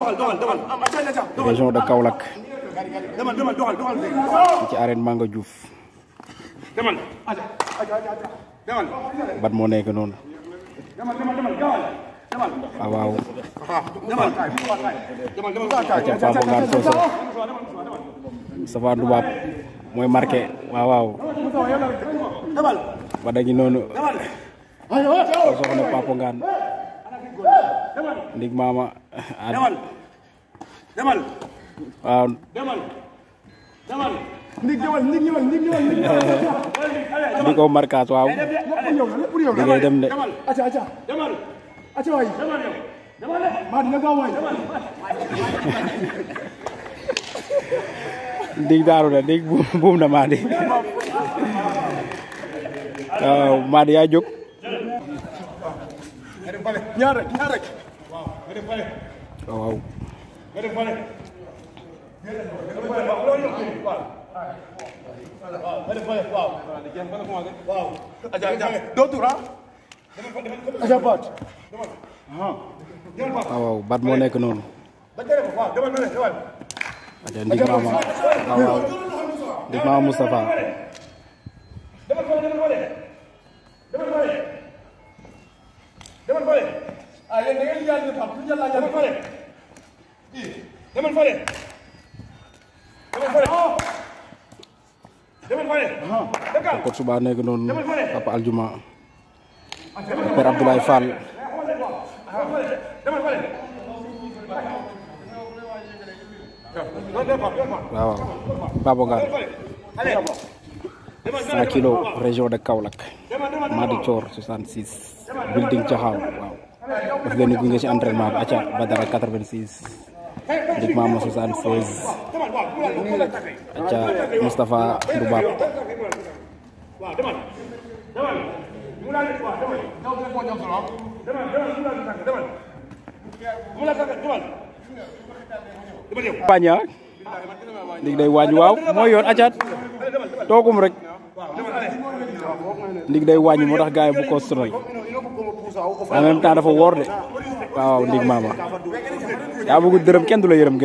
Ah, région de Kaolack ci arène Manga juuf bat moo nekk noonu ah waaw aca Papo Ngane Sossokh Moustapha Ndoubab mooy marqué waaw waaw ba dañu noonu Sossokh ne Papo Ngane ndig mama demal demal waaw demal demal ndig demal ndig ñëwal ndig ñëwal ndig ñëwal di ko markaat waaw di ngay dem de aca aca demal aca waay demal yow demal maa dina gaaw waay ndig daaru na ndig buum na maa di waaw maa di yaa jóg ñaar rek ñaar rek waaw waaw. moo nekk noonu. Aja ndig maama waaw gardien Pape bu ñu jël laa waaw Baba Ngaan. cent kilos région de Kaolack. Madi Thior 66. building Caxaaw daf leen gunge ci entraînement bi aca Badara 86 Lig Mama 76 aja, Moustapha Ndoubab paña ndig day waaj rek day en même temps dafa woor de waaw ndig maama yaa bëgg dërëm kenn du la yërëm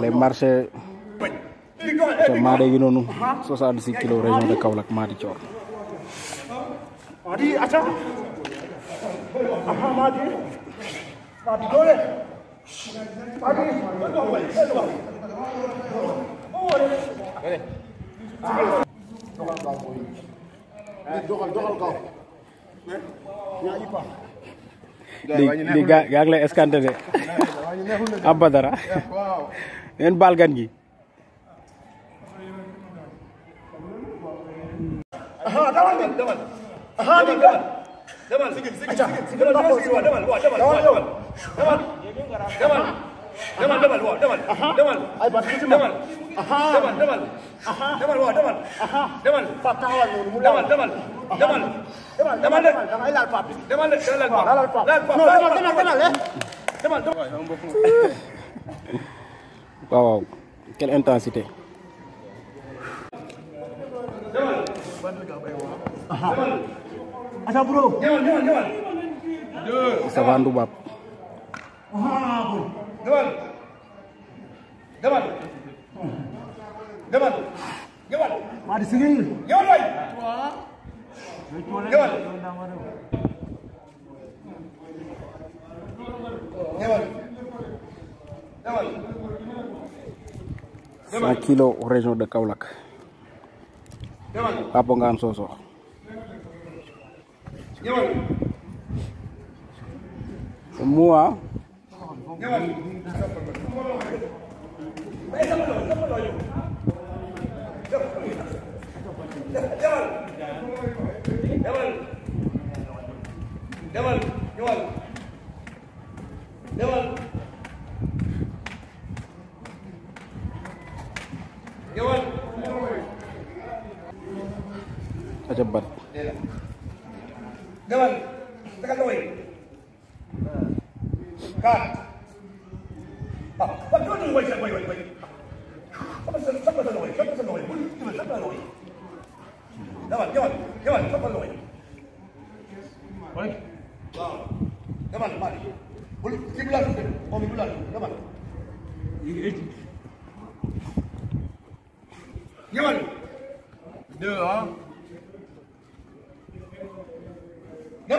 Les marchés te maade gi noonu 66 kilos région de Kaolack Mady Thior Mady aca aha Mady Mady doole Mady doxal doxal kaw ñaa ipa di gaag lay escanté de abadara neen baal gan gi دمل دمل دمل ها دمل دمل سجل سجل سجل دمل دمل دمل دمل دمل دمل دمل هو دمل دمل اي باتكتم دمل دمل دمل دمل هو دمل دمل فتاوى دمل دمل دمل دمل دمل لا الباب دمل لا الباب لا الباب لا الباب دمل دمل دمل دمل واو كل انتنسيتي Asal bro. Jangan, jangan, jangan. Bisa bantu bab. Wah, bro. Jangan. Jangan. Jangan. Mari sini. Jangan, boy. Jangan. Jangan. Jangan. 100 kilo région de Kaolack. Papa nga am soosoo ñëwal. moi. ñëwal. demal demal ñëwal demal ñëwal. cắt, bắt Dewan, tekan tuwi. Cut. Ah, wag doon yung wait, wait, wait, wait. Sapa sa sapa sa loy, sapa sa loy, buli dito sa sapa loy. Dewan, dewan, dewan, sapa loy. Balik. Wow. Dewan, mari. Buli kibulan, o kibulan, dewan. Dewan. Deux, đưa. Ma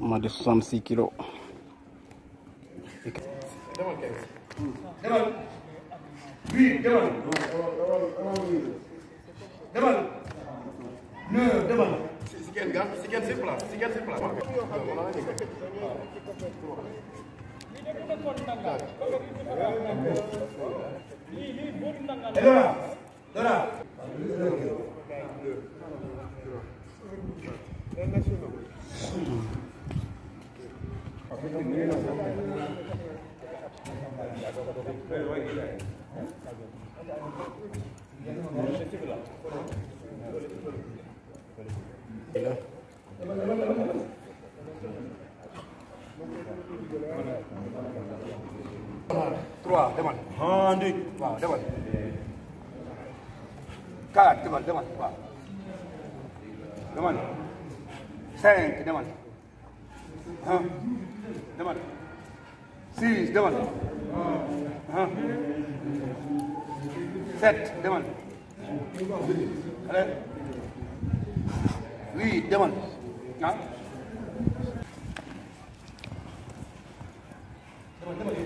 まで30 kilo. d o m a Dora. Trois, demande. r n d u Demande. Quatre, demande, demande. demone cinq demone ah demone six demone ah s e t demone allez huit demone ah demone d e o n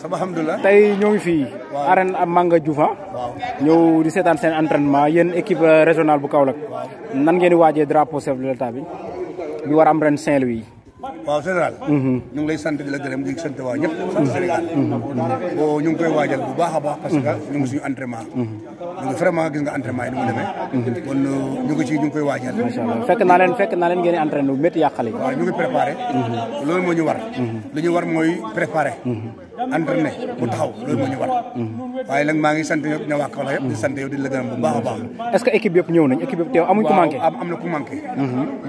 sama alhamdulilah tey ñoo ngi fii arène Manga Diouf ah ñëw di regional seen entraînement yéen équipe euh, régionale bu Kaolack nan ngeen di waajee drapeau chef de l'état bi bi war am ren Saint-Louis waaw général mhm. ñu ngi lay sant di la gërëm di sant waa ñëpp sant Sénégal mhm. mhm. bo ñu ngi koy waajal bu baax baax parce que ñu ngi suñu entraînement ñu ngi vraiment gis nga entraînement ni mu demee kon euh, ñu ngi ci ñu ngi koy waajal fekk naa leen fekk naa leen ngeen entraîné bu métti yàqale ñu ngi préparé loolu moo ñu war li ñu war andrene mu taxaw loolu moo ñu war waye nak maa ngi sant ñëpp ña waa Kaolack yëpp di sante yow di leggal bu baax baax est-ce que équipe yop ñew nañ équipe yop teew amuñ ko manqué am am ku manqué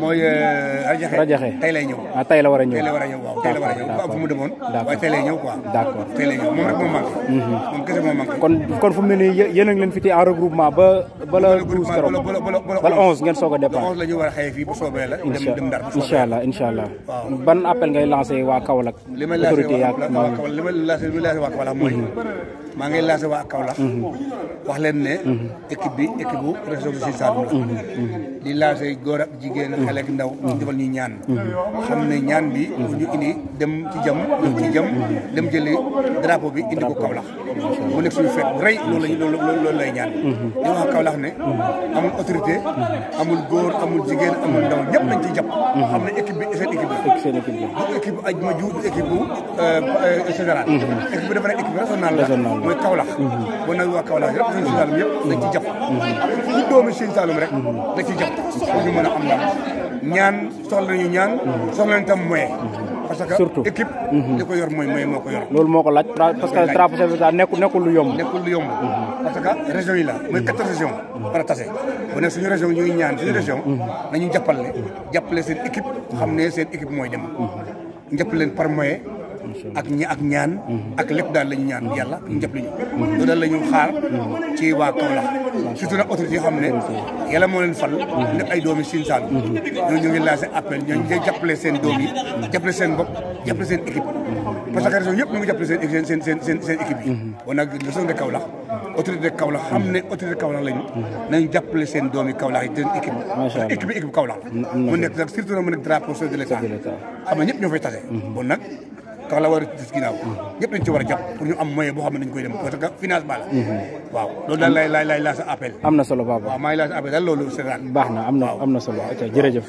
moy mhm. euh, rajaxe rajaxe tay lay ñew ah tay la wara ñew tay la wara ñew tay la wara ñew ba fu mu demone waaye tay lay ñew quoi d'accord tay lay ñew mom rek mo manqué mom mhm. kese mo manqué kon kon fu melni yeen ak leen fi tee en regroupement ba ba la douze keroog ba la 11 ngeen soga départ 11 la ñu war a xëy bu sobé la dem dem dar inshallah inshallah ban appel ngay lancé waa Kaolack autorité yaa village village mm-hmm. mm-hmm. mm-hmm. di dem dem ci dem bi indi ko mu nekk suñu feet bu lool loolu lañ loolu lay ñaan. Mhm. ñu wax Kaolack ne. amul autorité. amul góor amul jigéen amul ndaw ñëpp nañ ciy jàpp. Mhm. xam ne équipe bi seen équipe la. seen équipe la bu équipe aj ma ju équipe bu euh, mhm. dafa nekk équipe régionale la. régionale la mooy Kaolack. boo nag waa Kaolack yëpp suñu Saalum yëpp nañ ciy jàpp. fu doomi suñu Saalum rek. nañ ciy jàpp pour ñu a am daal ñaan soxla nañu ñaan. soxla nañu tam moyen. parce que surtout équipe. li ko yor nekkul yomb. parce que région yi la. mooy quatre régions. war a tase bu suñu région ñu ñaan suñu région. Mm-hmm. nañu jàppale jàppale seen équipe. xam ne seen équipe mooy dem. Mm-hmm. jàppale par moyen. ak ñi ak ñaan ak lépp daal lañu ñaan yàlla njëpp lañu loolu daal la ñu xaar ci waa Kaolack surtout nag autorité yoo xam ne yàlla moo leen fal nekk ay doomi Sine Saloum ñoo ñu yi jàppale seen bopp jàppale seen équipe parce que région yëpp ñu ngi jàppale seen seen seen yi kon équipe équipe bi mu nekk surtout nag mu nekk drapeau chef de l'État xam ne ñëpp ñoo fay tase mhm. tax la war a gis ginnaaw yëpp dañ ci war a jàpp pour ñu am moyen boo xam ne koy dem parce que financement la mhm. daal laay laay laay laa am na solo baba daal loolu seetaan baax na am na solo ok jërëjëf